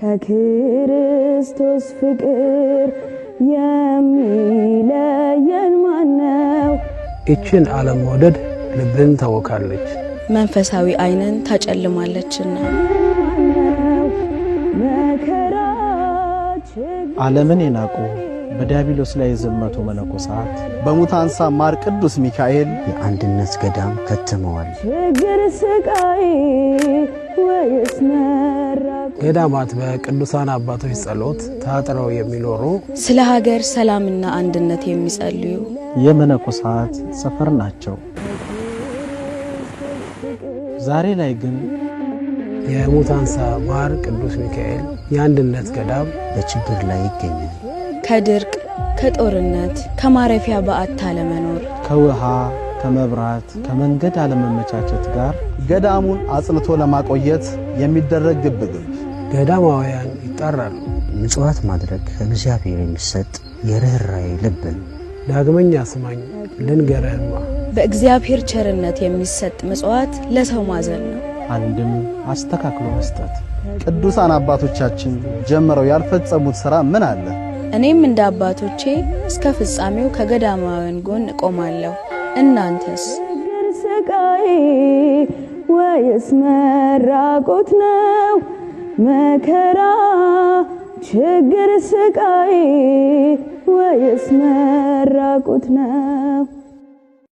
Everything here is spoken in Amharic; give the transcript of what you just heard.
ከክርስቶስ ፍቅር የሚለየን ማነው? ይችን አለመውደድ ልብን ታወካለች፣ መንፈሳዊ ዓይንን ታጨልማለችና። ዓለምን የናቁ በዲያብሎስ ላይ የዘመቱ መነኮሳት በሙታንሳ ማር ቅዱስ ሚካኤል የአንድነት ገዳም ከትመዋል። ችግር ስቃይ ገዳማት በቅዱሳን አባቶች ጸሎት ታጥረው የሚኖሩ ስለ ሀገር ሰላምና አንድነት የሚጸልዩ የመነኮሳት ሰፈር ናቸው። ዛሬ ላይ ግን የሙታንሳ ማር ቅዱስ ሚካኤል የአንድነት ገዳም በችግር ላይ ይገኛል። ከድርቅ፣ ከጦርነት፣ ከማረፊያ በዓት አለመኖር፣ ከውሃ፣ ከመብራት፣ ከመንገድ አለመመቻቸት ጋር ገዳሙን አጽንቶ ለማቆየት የሚደረግ ግብግብ ገዳማውያን ይጣራሉ። ምጽዋት ማድረግ ከእግዚአብሔር የሚሰጥ የርኅራኄ ልብ ነው። ዳግመኛ ስማኝ ልንገረህማ፣ በእግዚአብሔር ቸርነት የሚሰጥ ምጽዋት ለሰው ማዘን ነው። አንድም አስተካክሎ መስጠት። ቅዱሳን አባቶቻችን ጀምረው ያልፈጸሙት ሥራ ምን አለ? እኔም እንደ አባቶቼ እስከ ፍጻሜው ከገዳማውያን ጎን እቆማለሁ። እናንተስ? ስቃይ ወይስ መራቆት ነው? መከራ ችግር ስቃይ ወይስ መራቁት ነው?